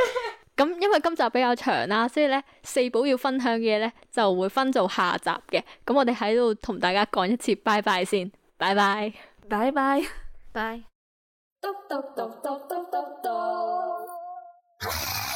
咁因為今集比較長啦，所以呢，四寶要分享嘅嘢呢，就會分做下集嘅。咁我哋喺度同大家講一次，拜拜先，拜拜，bye bye. Bye. 拜拜，拜 Bye.。